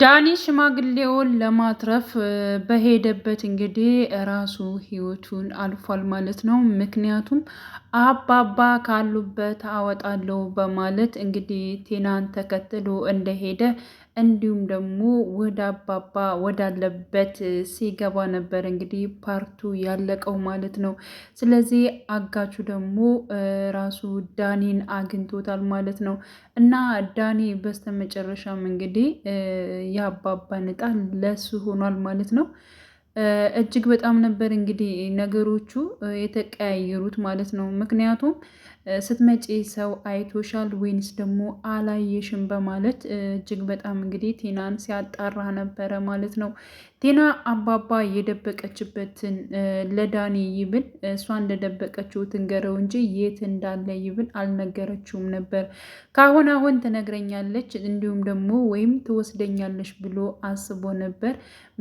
ዳኒ ሽማግሌውን ለማትረፍ በሄደበት እንግዲህ ራሱ ህይወቱን አልፏል ማለት ነው። ምክንያቱም አባባ ካሉበት አወጣለሁ በማለት እንግዲህ ቴናን ተከትሎ እንደሄደ እንዲሁም ደግሞ ወደ አባባ ወዳለበት ሲገባ ነበር እንግዲህ ፓርቱ ያለቀው ማለት ነው። ስለዚህ አጋቹ ደግሞ ራሱ ዳኒን አግኝቶታል ማለት ነው እና ዳኒ በስተመጨረሻም እንግዲህ የአባባ ንጣ ለሱ ሆኗል ማለት ነው። እጅግ በጣም ነበር እንግዲህ ነገሮቹ የተቀያየሩት ማለት ነው። ምክንያቱም ስትመጪ ሰው አይቶሻል ወይንስ ደግሞ አላየሽም በማለት እጅግ በጣም እንግዲህ ቴናን ሲያጣራ ነበረ ማለት ነው። ቴና አባባ የደበቀችበትን ለዳኒ ይብል እሷ እንደደበቀችው ትንገረው እንጂ የት እንዳለ ይብል አልነገረችውም ነበር። ካሁን አሁን ትነግረኛለች እንዲሁም ደግሞ ወይም ትወስደኛለች ብሎ አስቦ ነበር።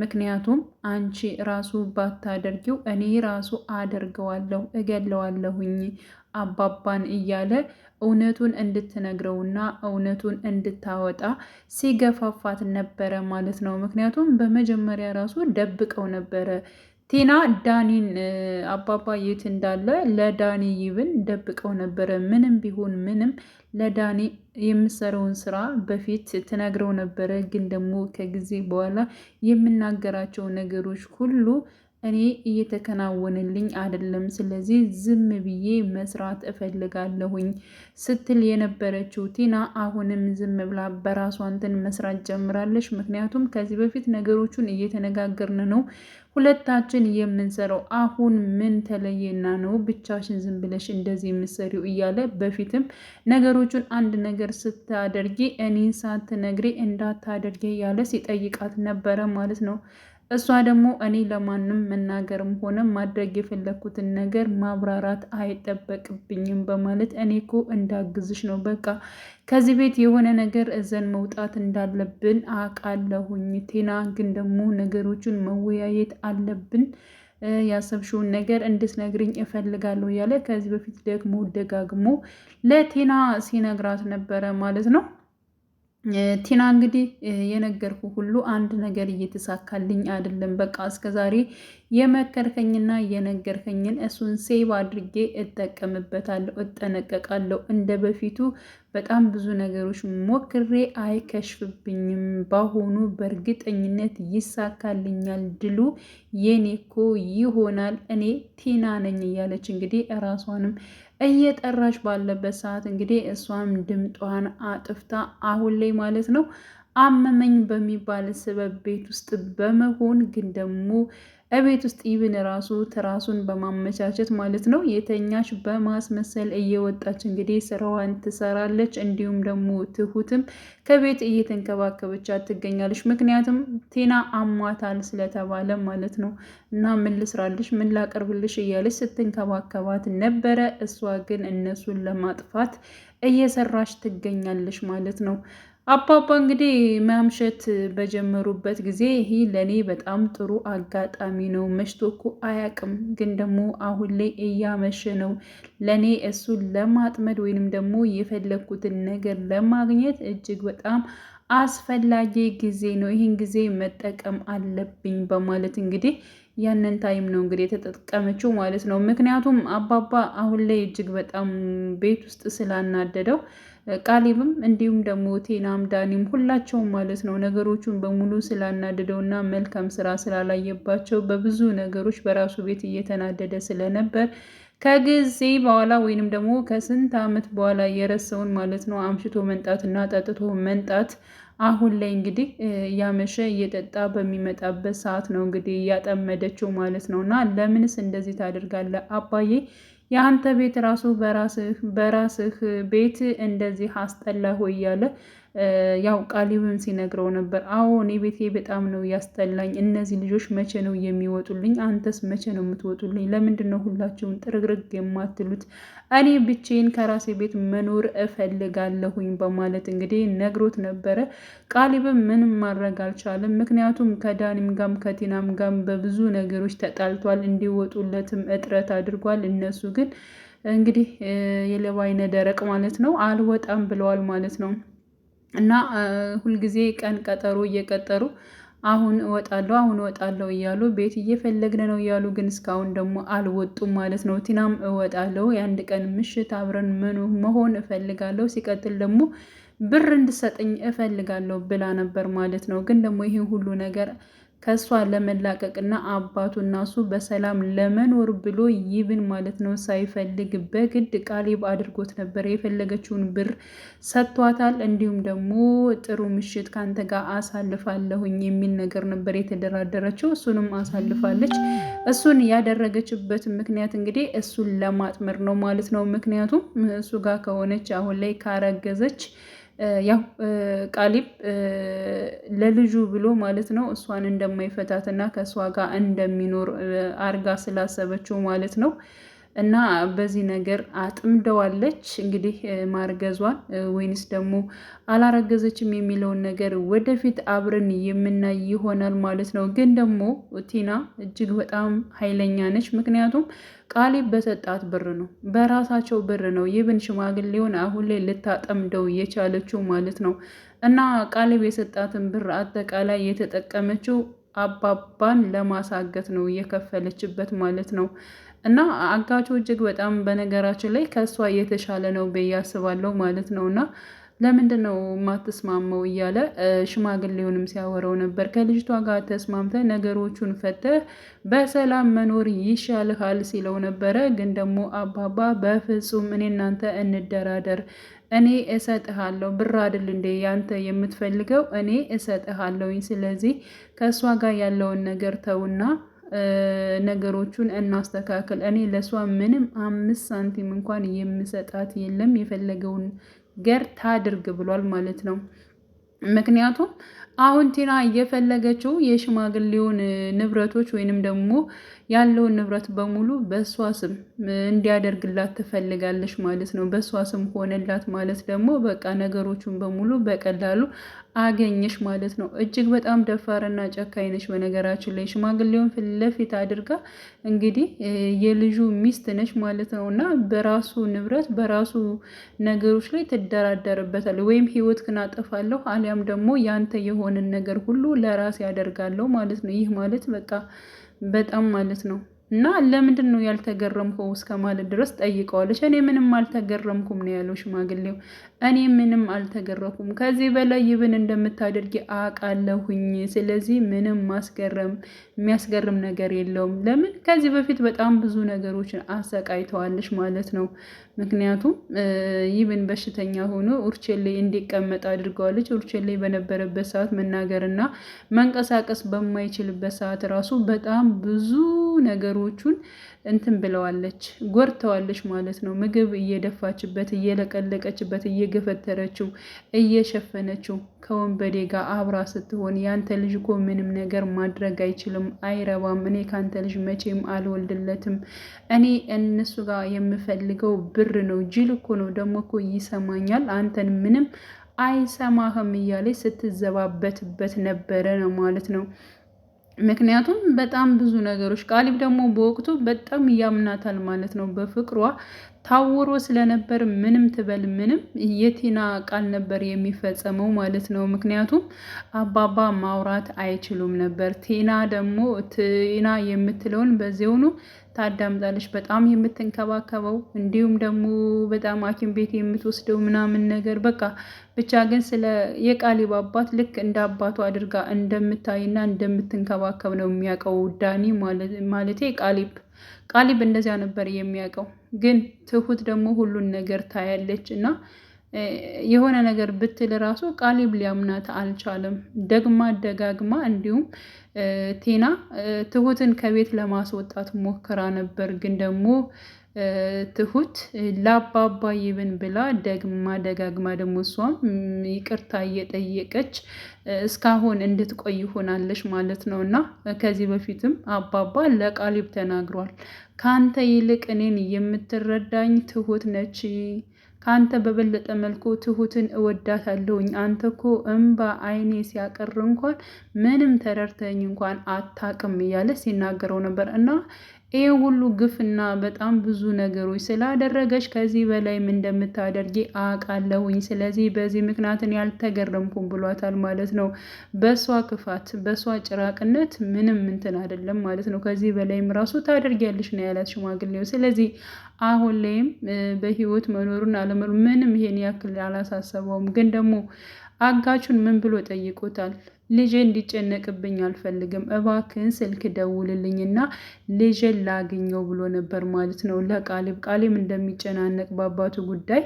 ምክንያቱም አንቺ ራሱ ባታደርጊው እኔ ራሱ አደርገዋለሁ እገለዋለሁኝ አባባን እያለ እውነቱን እንድትነግረውና እውነቱን እንድታወጣ ሲገፋፋት ነበረ ማለት ነው። ምክንያቱም በመጀመሪያ ራሱ ደብቀው ነበረ ቲና ዳኒን አባባ የት እንዳለ ለዳኒ ይብን ደብቀው ነበረ። ምንም ቢሆን ምንም ለዳኒ የምሰረውን ስራ በፊት ትነግረው ነበረ። ግን ደግሞ ከጊዜ በኋላ የምናገራቸው ነገሮች ሁሉ እኔ እየተከናወንልኝ አይደለም፣ ስለዚህ ዝም ብዬ መስራት እፈልጋለሁኝ ስትል የነበረችው ቲና አሁንም ዝም ብላ በራሷ እንትን መስራት ጀምራለች። ምክንያቱም ከዚህ በፊት ነገሮቹን እየተነጋገርን ነው ሁለታችን የምንሰራው አሁን ምን ተለየና ነው ብቻሽን ዝም ብለሽ እንደዚህ የምሰሪው? እያለ በፊትም ነገሮቹን አንድ ነገር ስታደርጊ እኔን ሳትነግሪ እንዳታደርጊ እያለ ሲጠይቃት ነበረ ማለት ነው። እሷ ደግሞ እኔ ለማንም መናገርም ሆነ ማድረግ የፈለግኩትን ነገር ማብራራት አይጠበቅብኝም በማለት እኔ እኮ እንዳግዝሽ ነው፣ በቃ ከዚህ ቤት የሆነ ነገር እዘን መውጣት እንዳለብን አውቃለሁኝ። ቴና ግን ደግሞ ነገሮቹን መወያየት አለብን ያሰብሽውን ነገር እንድትነግሪኝ እፈልጋለሁ እያለ ከዚህ በፊት ደግሞ ደጋግሞ ለቴና ሲነግራት ነበረ ማለት ነው። ቲና እንግዲህ የነገርኩ ሁሉ አንድ ነገር እየተሳካልኝ አይደለም። በቃ እስከ ዛሬ የመከርከኝና የነገርከኝን እሱን ሴቭ አድርጌ እጠቀምበታለሁ፣ እጠነቀቃለሁ። እንደ በፊቱ በጣም ብዙ ነገሮች ሞክሬ አይከሽፍብኝም። ባሆኑ በእርግጠኝነት ይሳካልኛል። ድሉ የኔኮ ይሆናል። እኔ ቲና ነኝ እያለች እንግዲህ እራሷንም እየጠራች ባለበት ሰዓት እንግዲህ እሷም ድምጧን አጥፍታ አሁን ላይ ማለት ነው አመመኝ በሚባል ስበብ ቤት ውስጥ በመሆን ግን ደግሞ እቤት ውስጥ ኢቭን ራሱ ትራሱን በማመቻቸት ማለት ነው የተኛች በማስመሰል እየወጣች እንግዲህ ስራዋን ትሰራለች። እንዲሁም ደግሞ ትሁትም ከቤት እየተንከባከበቻት ትገኛለች። ምክንያቱም ቴና አሟታል ስለተባለ ማለት ነው እና ምን ልስራልሽ፣ ምን ላቀርብልሽ እያለች ስትንከባከባት ነበረ። እሷ ግን እነሱን ለማጥፋት እየሰራች ትገኛለች ማለት ነው። አባባ እንግዲህ ማምሸት በጀመሩበት ጊዜ ይህ ለእኔ በጣም ጥሩ አጋጣሚ ነው። መሽቶ እኮ አያውቅም፣ ግን ደግሞ አሁን ላይ እያመሸ ነው። ለእኔ እሱን ለማጥመድ ወይንም ደግሞ የፈለግኩትን ነገር ለማግኘት እጅግ በጣም አስፈላጊ ጊዜ ነው። ይህን ጊዜ መጠቀም አለብኝ በማለት እንግዲህ ያንን ታይም ነው እንግዲህ የተጠቀመችው ማለት ነው። ምክንያቱም አባባ አሁን ላይ እጅግ በጣም ቤት ውስጥ ስላናደደው ቃሊብም እንዲሁም ደግሞ ቴናም ዳኒም ሁላቸውም ማለት ነው ነገሮቹን በሙሉ ስላናደደው እና መልካም ስራ ስላላየባቸው በብዙ ነገሮች በራሱ ቤት እየተናደደ ስለነበር ከጊዜ በኋላ ወይንም ደግሞ ከስንት ዓመት በኋላ የረሰውን ማለት ነው አምሽቶ መንጣትና ጠጥቶ መንጣት አሁን ላይ እንግዲህ እያመሸ እየጠጣ በሚመጣበት ሰዓት ነው እንግዲህ እያጠመደችው ማለት ነው። እና ለምንስ እንደዚህ ታደርጋለህ አባዬ የአንተ ቤት ራሱ በራስህ በራስህ ቤት እንደዚህ አስጠላ እያለ ያው ቃሊብም ሲነግረው ነበር። አዎ እኔ ቤቴ በጣም ነው ያስጠላኝ። እነዚህ ልጆች መቼ ነው የሚወጡልኝ? አንተስ መቼ ነው የምትወጡልኝ? ለምንድን ነው ሁላችሁም ጥርግርግ የማትሉት? እኔ ብቼን ከራሴ ቤት መኖር እፈልጋለሁኝ በማለት እንግዲህ ነግሮት ነበረ። ቃሊብም ምንም ማድረግ አልቻለም። ምክንያቱም ከዳኒም ጋም ከቲናም ጋም በብዙ ነገሮች ተጣልቷል። እንዲወጡለትም እጥረት አድርጓል። እነሱ ግን እንግዲህ የለባይነ አይነ ደረቅ ማለት ነው አልወጣም ብለዋል ማለት ነው። እና ሁልጊዜ ቀን ቀጠሮ እየቀጠሩ አሁን እወጣለሁ አሁን እወጣለሁ እያሉ ቤት እየፈለግን ነው እያሉ ግን እስካሁን ደግሞ አልወጡም ማለት ነው። ቲናም እወጣለሁ የአንድ ቀን ምሽት አብረን ምኑ መሆን እፈልጋለሁ፣ ሲቀጥል ደግሞ ብር እንድሰጠኝ እፈልጋለሁ ብላ ነበር ማለት ነው። ግን ደግሞ ይሄ ሁሉ ነገር ከእሷ ለመላቀቅና አባቱ እና እሱ በሰላም ለመኖር ብሎ ይብን ማለት ነው ሳይፈልግ በግድ ቃሌብ አድርጎት ነበር። የፈለገችውን ብር ሰጥቷታል። እንዲሁም ደግሞ ጥሩ ምሽት ከአንተ ጋር አሳልፋለሁኝ የሚል ነገር ነበር የተደራደረችው። እሱንም አሳልፋለች። እሱን ያደረገችበት ምክንያት እንግዲህ እሱን ለማጥመር ነው ማለት ነው። ምክንያቱም እሱ ጋር ከሆነች አሁን ላይ ካረገዘች ያው ቃሊብ ለልጁ ብሎ ማለት ነው እሷን እንደማይፈታት ና ከእሷ ጋር እንደሚኖር አርጋ ስላሰበችው ማለት ነው። እና በዚህ ነገር አጥምደዋለች እንግዲህ ማርገዟን ወይንስ ደግሞ አላረገዘችም የሚለውን ነገር ወደፊት አብረን የምናይ ይሆናል ማለት ነው። ግን ደግሞ ቲና እጅግ በጣም ኃይለኛ ነች። ምክንያቱም ቃሊብ በሰጣት ብር ነው፣ በራሳቸው ብር ነው። ይብን ሽማግሌውን አሁን ላይ ልታጠምደው የቻለችው ማለት ነው። እና ቃሊብ የሰጣትን ብር አጠቃላይ የተጠቀመችው አባባን ለማሳገት ነው እየከፈለችበት ማለት ነው። እና አጋቹ እጅግ በጣም በነገራችን ላይ ከእሷ የተሻለ ነው ብዬ አስባለሁ ማለት ነው እና ለምንድን ነው የማትስማመው እያለ ሽማግሌውንም ሲያወራው ነበር። ከልጅቷ ጋር ተስማምተ ነገሮቹን ፈተህ በሰላም መኖር ይሻልሃል ሲለው ነበረ። ግን ደግሞ አባባ በፍጹም እኔ እናንተ እንደራደር እኔ እሰጥሃለሁ ብር አይደል እንዴ ያንተ የምትፈልገው እኔ እሰጥሃለሁኝ። ስለዚህ ከእሷ ጋር ያለውን ነገር ተውና ነገሮቹን እናስተካክል። እኔ ለእሷ ምንም አምስት ሳንቲም እንኳን የምሰጣት የለም የፈለገውን ገር ታድርግ ብሏል ማለት ነው። ምክንያቱም አሁን ቲና እየፈለገችው የሽማግሌውን ንብረቶች ወይንም ደግሞ ያለውን ንብረት በሙሉ በእሷ ስም እንዲያደርግላት ትፈልጋለች ማለት ነው። በእሷ ስም ሆነላት ማለት ደግሞ በቃ ነገሮቹን በሙሉ በቀላሉ አገኘሽ ማለት ነው። እጅግ በጣም ደፋርና ጨካኝ ነች። በነገራችን ላይ ሽማግሌውን ፊት ለፊት አድርጋ እንግዲህ የልጁ ሚስት ነች ማለት ነው እና በራሱ ንብረት በራሱ ነገሮች ላይ ትደራደርበታል ወይም ህይወት ክን አጠፋለሁ አሊያም ደግሞ ያንተ የሆነ የሚሆንን ነገር ሁሉ ለራሴ ያደርጋለሁ ማለት ነው። ይህ ማለት በቃ በጣም ማለት ነው። እና ለምንድን ነው ያልተገረምከው እስከ ማለት ድረስ ጠይቀዋለች። እኔ ምንም አልተገረምኩም ነው ያለው ሽማግሌው። እኔ ምንም አልተገረኩም። ከዚህ በላይ ይብን እንደምታደርጊ አውቃለሁኝ። ስለዚህ ምንም ማስገረም የሚያስገርም ነገር የለውም። ለምን ከዚህ በፊት በጣም ብዙ ነገሮችን አሰቃይተዋለች ማለት ነው። ምክንያቱም ይብን በሽተኛ ሆኖ ኡርቼሌ እንዲቀመጥ አድርገዋለች። ኡርቼሌ በነበረበት ሰዓት መናገርና መንቀሳቀስ በማይችልበት ሰዓት ራሱ በጣም ብዙ ነገሮቹን እንትን ብለዋለች፣ ጎርተዋለች ማለት ነው። ምግብ እየደፋችበት፣ እየለቀለቀችበት፣ እየገፈተረችው፣ እየሸፈነችው ከወንበዴ ጋር አብራ ስትሆን ያንተ ልጅ እኮ ምንም ነገር ማድረግ አይችልም፣ አይረባም፣ እኔ ካንተ ልጅ መቼም አልወልድለትም፣ እኔ እነሱ ጋር የምፈልገው ብር ነው። ጅል እኮ ነው ደግሞ እኮ ይሰማኛል፣ አንተን ምንም አይሰማህም እያለች ስትዘባበትበት ነበረ ነው ማለት ነው። ምክንያቱም በጣም ብዙ ነገሮች ቃሊብ ደግሞ በወቅቱ በጣም ያምናታል ማለት ነው በፍቅሯ ታውሮ ስለነበር ምንም ትበል ምንም የቲና ቃል ነበር የሚፈጸመው ማለት ነው። ምክንያቱም አባባ ማውራት አይችሉም ነበር። ቲና ደግሞ ቲና የምትለውን በዚሆኑ ታዳምጣለች። በጣም የምትንከባከበው እንዲሁም ደግሞ በጣም ሐኪም ቤት የምትወስደው ምናምን ነገር በቃ ብቻ ግን ስለ የቃሊብ አባት ልክ እንደ አባቱ አድርጋ እንደምታይና እንደምትንከባከብ ነው የሚያውቀው ዳኒ ማለቴ ቃሊብ ቃሊብ እንደዚያ ነበር የሚያውቀው። ግን ትሁት ደግሞ ሁሉን ነገር ታያለች እና የሆነ ነገር ብትል ራሱ ቃሊብ ሊያምናት አልቻለም። ደግማ ደጋግማ እንዲሁም ቴና ትሁትን ከቤት ለማስወጣት ሞክራ ነበር፣ ግን ደግሞ ትሁት ለአባባ ይብን ብላ ደግማ ደጋግማ ደግሞ እሷም ይቅርታ እየጠየቀች እስካሁን እንድትቆይ ሆናለች ማለት ነው እና ከዚህ በፊትም አባባ ለቃሊብ ተናግሯል። ከአንተ ይልቅ እኔን የምትረዳኝ ትሁት ነች። ከአንተ በበለጠ መልኩ ትሁትን እወዳታለሁኝ። አንተ እኮ እምባ አይኔ ሲያቀር እንኳን ምንም ተረድተኝ እንኳን አታቅም እያለ ሲናገረው ነበር እና ይህ ሁሉ ግፍና በጣም ብዙ ነገሮች ስላደረገች ከዚህ በላይም እንደምታደርጊ አውቃለሁኝ። ስለዚህ በዚህ ምክንያትን ያልተገረምኩም ብሏታል ማለት ነው። በሷ ክፋት፣ በሷ ጭራቅነት ምንም እንትን አይደለም ማለት ነው። ከዚህ በላይም ራሱ ታደርጊያለሽ ነው ያላት ሽማግሌው። ስለዚህ አሁን ላይም በህይወት መኖሩን አለመኖሩ ምንም ይሄን ያክል አላሳሰበውም። ግን ደግሞ አጋቹን ምን ብሎ ጠይቆታል? ልጄ እንዲጨነቅብኝ አልፈልግም፣ እባክን ስልክ ደውልልኝና ልጄን ላግኘው ብሎ ነበር ማለት ነው ለቃሌብ። ቃሊብ እንደሚጨናነቅ በአባቱ ጉዳይ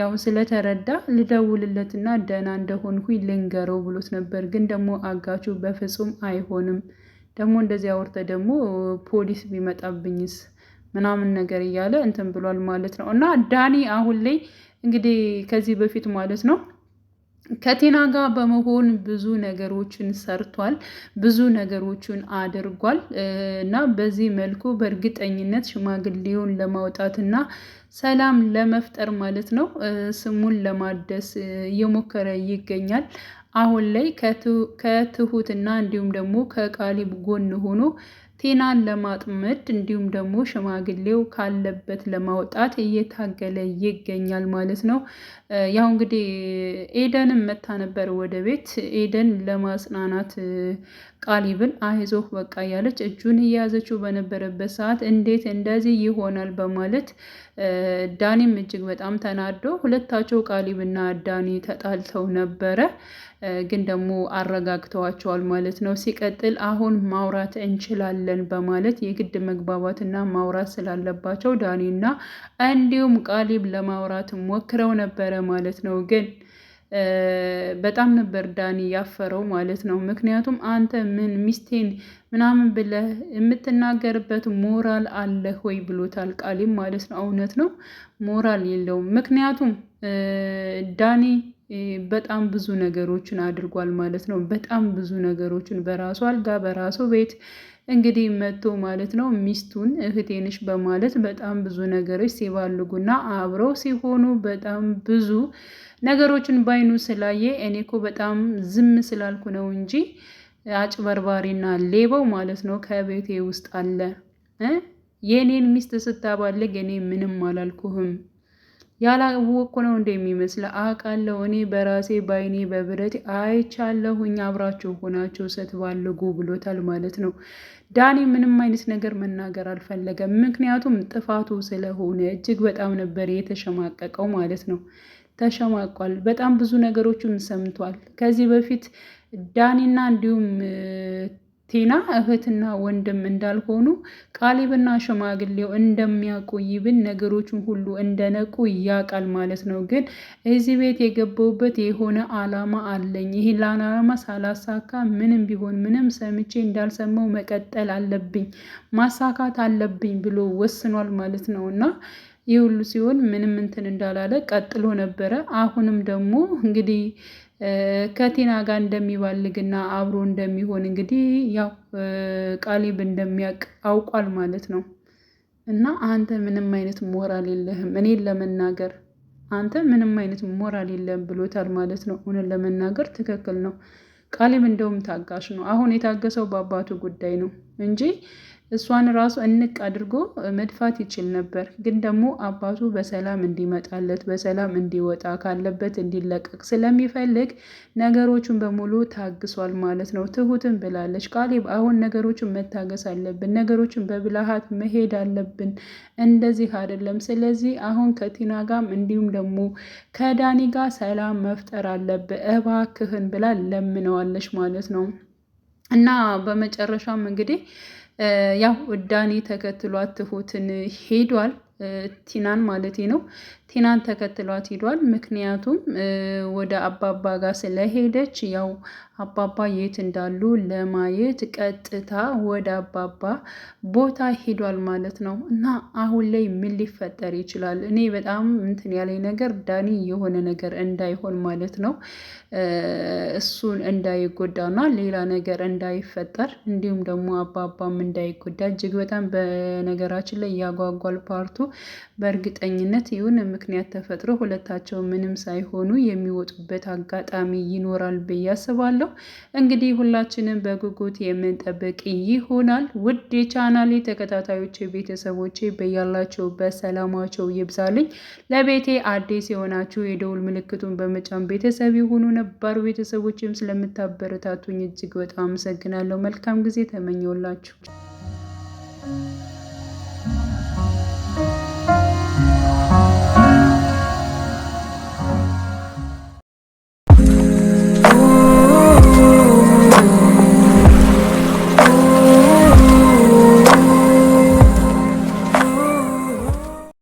ያው ስለተረዳ ልደውልለትና ደህና እንደሆንኩኝ ልንገረው ብሎት ነበር። ግን ደግሞ አጋቹ በፍጹም አይሆንም፣ ደግሞ እንደዚህ አውርተ ደግሞ ፖሊስ ቢመጣብኝስ ምናምን ነገር እያለ እንትን ብሏል ማለት ነው። እና ዳኒ አሁን ላይ እንግዲህ ከዚህ በፊት ማለት ነው ከቴና ጋር በመሆን ብዙ ነገሮችን ሰርቷል፣ ብዙ ነገሮችን አድርጓል እና በዚህ መልኩ በእርግጠኝነት ሽማግሌውን ለማውጣት እና ሰላም ለመፍጠር ማለት ነው ስሙን ለማደስ እየሞከረ ይገኛል። አሁን ላይ ከትሁትና እንዲሁም ደግሞ ከቃሊብ ጎን ሆኖ ቴናን ለማጥመድ እንዲሁም ደግሞ ሽማግሌው ካለበት ለማውጣት እየታገለ ይገኛል ማለት ነው። ያው እንግዲህ ኤደንም መታ ነበር ወደ ቤት። ኤደን ለማጽናናት ቃሊብን አይዞህ በቃ እያለች እጁን እየያዘችው በነበረበት ሰዓት እንዴት እንደዚህ ይሆናል በማለት ዳኒም እጅግ በጣም ተናዶ ሁለታቸው ቃሊብና ዳኒ ተጣልተው ነበረ፣ ግን ደግሞ አረጋግተዋቸዋል ማለት ነው። ሲቀጥል አሁን ማውራት እንችላለን በማለት የግድ መግባባትና ማውራት ስላለባቸው ዳኒና እንዲሁም ቃሊብ ለማውራት ሞክረው ነበረ ማለት ነው ግን በጣም ነበር ዳኒ ያፈረው ማለት ነው። ምክንያቱም አንተ ምን ሚስቴን ምናምን ብለህ የምትናገርበት ሞራል አለህ ወይ ብሎታል ቃሌም ማለት ነው። እውነት ነው ሞራል የለውም። ምክንያቱም ዳኒ በጣም ብዙ ነገሮችን አድርጓል ማለት ነው። በጣም ብዙ ነገሮችን በራሱ አልጋ በራሱ ቤት እንግዲህ መጥቶ ማለት ነው ሚስቱን እህቴንሽ በማለት በጣም ብዙ ነገሮች ሲባልጉና አብረው ሲሆኑ በጣም ብዙ ነገሮችን ባይኑ ስላየ እኔ እኮ በጣም ዝም ስላልኩ ነው እንጂ አጭበርባሪና ሌባው ማለት ነው ከቤቴ ውስጥ አለ። የእኔን ሚስት ስታባልግ እኔ ምንም አላልኩህም ያላወቅኩ ነው እንደሚመስል የሚመስል አውቃለሁ። እኔ በራሴ ባይኔ በብረት አይቻለሁኝ አብራችሁ ሆናችሁ ስትባልጉ ብሎታል ማለት ነው። ዳኒ ምንም አይነት ነገር መናገር አልፈለገም። ምክንያቱም ጥፋቱ ስለሆነ እጅግ በጣም ነበር የተሸማቀቀው ማለት ነው። ተሸማቋል። በጣም ብዙ ነገሮችን ሰምቷል። ከዚህ በፊት ዳኒና እንዲሁም ቲና እህትና ወንድም እንዳልሆኑ ቃሊብና ሽማግሌው እንደሚያውቁ ይብን ነገሮችን ሁሉ እንደነቁ ያውቃል ማለት ነው። ግን እዚህ ቤት የገባውበት የሆነ አላማ አለኝ። ይህ አላማ ሳላሳካ ምንም ቢሆን ምንም ሰምቼ እንዳልሰማው መቀጠል አለብኝ፣ ማሳካት አለብኝ ብሎ ወስኗል ማለት ነው እና ይህ ሁሉ ሲሆን ምንም እንትን እንዳላለ ቀጥሎ ነበረ። አሁንም ደግሞ እንግዲህ ከቲና ጋር እንደሚባልግና አብሮ እንደሚሆን እንግዲህ ያው ቃሊብ እንደሚያውቅ አውቋል ማለት ነው። እና አንተ ምንም አይነት ሞራል የለህም እኔን ለመናገር አንተ ምንም አይነት ሞራል የለም ብሎታል ማለት ነው። እውነት ለመናገር ትክክል ነው። ቃሊብ እንደውም ታጋሽ ነው። አሁን የታገሰው በአባቱ ጉዳይ ነው እንጂ እሷን ራሱ እንቅ አድርጎ መድፋት ይችል ነበር። ግን ደግሞ አባቱ በሰላም እንዲመጣለት በሰላም እንዲወጣ ካለበት እንዲለቀቅ ስለሚፈልግ ነገሮቹን በሙሉ ታግሷል ማለት ነው። ትሁትን ብላለች፣ ቃሌብ አሁን ነገሮችን መታገስ አለብን፣ ነገሮችን በብልሃት መሄድ አለብን፣ እንደዚህ አይደለም። ስለዚህ አሁን ከቲና ጋም እንዲሁም ደግሞ ከዳኒ ጋር ሰላም መፍጠር አለብ እባክህን ብላ ለምነዋለች ማለት ነው እና በመጨረሻም እንግዲህ ያው ዳኒ ተከትሏት ትሁትን ሄዷል። ቲናን ማለት ነው። ቲናን ተከትሏት ሄዷል። ምክንያቱም ወደ አባባ ጋር ስለሄደች ያው አባባ የት እንዳሉ ለማየት ቀጥታ ወደ አባባ ቦታ ሄዷል ማለት ነው። እና አሁን ላይ ምን ሊፈጠር ይችላል? እኔ በጣም እንትን ያለኝ ነገር ዳኒ የሆነ ነገር እንዳይሆን ማለት ነው፣ እሱን እንዳይጎዳና ሌላ ነገር እንዳይፈጠር እንዲሁም ደግሞ አባባም እንዳይጎዳ እጅግ በጣም በነገራችን ላይ ያጓጓል ፓርቱ። በእርግጠኝነት ይሁን ምክንያት ተፈጥሮ ሁለታቸው ምንም ሳይሆኑ የሚወጡበት አጋጣሚ ይኖራል ብዬ አስባለሁ። ብያለሁ። እንግዲህ ሁላችንም በጉጉት የምንጠብቅ ይሆናል። ውድ የቻናሌ ተከታታዮች ቤተሰቦች በያላችሁበት ሰላማቸው ይብዛልኝ። ለቤቴ አዲስ የሆናችሁ የደውል ምልክቱን በመጫን ቤተሰብ የሆኑ ነባሩ ቤተሰቦችም ስለምታበረታቱኝ እጅግ በጣም አመሰግናለሁ። መልካም ጊዜ ተመኘውላችሁ።